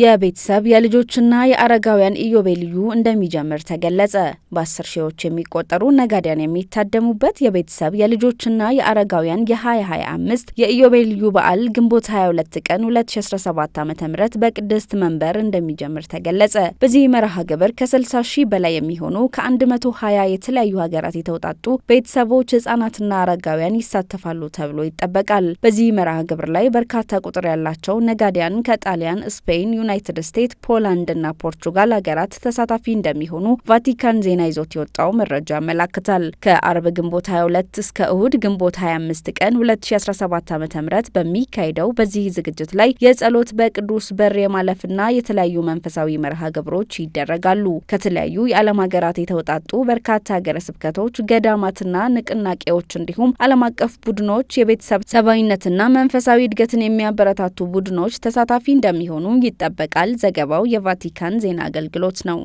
የቤተሰብ የልጆችና የአረጋውያን ኢዮቤልዩ እንደሚጀምር ተገለጸ። በአስር ሺዎች የሚቆጠሩ ነጋዴያን የሚታደሙበት የቤተሰብ የልጆችና የአረጋውያን የ2025 የኢዮቤልዩ በዓል ግንቦት 22 ቀን 2017 ዓ.ም በቅድስት መንበር እንደሚጀምር ተገለጸ። በዚህ መርሃ ግብር ከ60 ሺህ በላይ የሚሆኑ ከ120 የተለያዩ ሀገራት የተውጣጡ ቤተሰቦች፣ ህጻናትና አረጋውያን ይሳተፋሉ ተብሎ ይጠበቃል። በዚህ መርሃ ግብር ላይ በርካታ ቁጥር ያላቸው ነጋዴያን ከጣሊያን፣ ስፔን ዩናይትድ ስቴትስ፣ ና ፖርቹጋል ሀገራት ተሳታፊ እንደሚሆኑ ቫቲካን ዜና ይዞት የወጣው መረጃ ያመላክታል። ከአርብ ግንቦት 22 እስከ እሁድ ግንቦት 25 ቀን 2017 ዓ ም በሚካሄደው በዚህ ዝግጅት ላይ የጸሎት በቅዱስ በር የማለፍና የተለያዩ መንፈሳዊ መርሃ ግብሮች ይደረጋሉ። ከተለያዩ የዓለም ሀገራት የተውጣጡ በርካታ ሀገረ ስብከቶች፣ ገዳማትና ንቅናቄዎች እንዲሁም ዓለም አቀፍ ቡድኖች የቤተሰብ ሰብአዊነትና መንፈሳዊ እድገትን የሚያበረታቱ ቡድኖች ተሳታፊ እንደሚሆኑ ይጠ ይጠበቃል። ዘገባው የቫቲካን ዜና አገልግሎት ነው።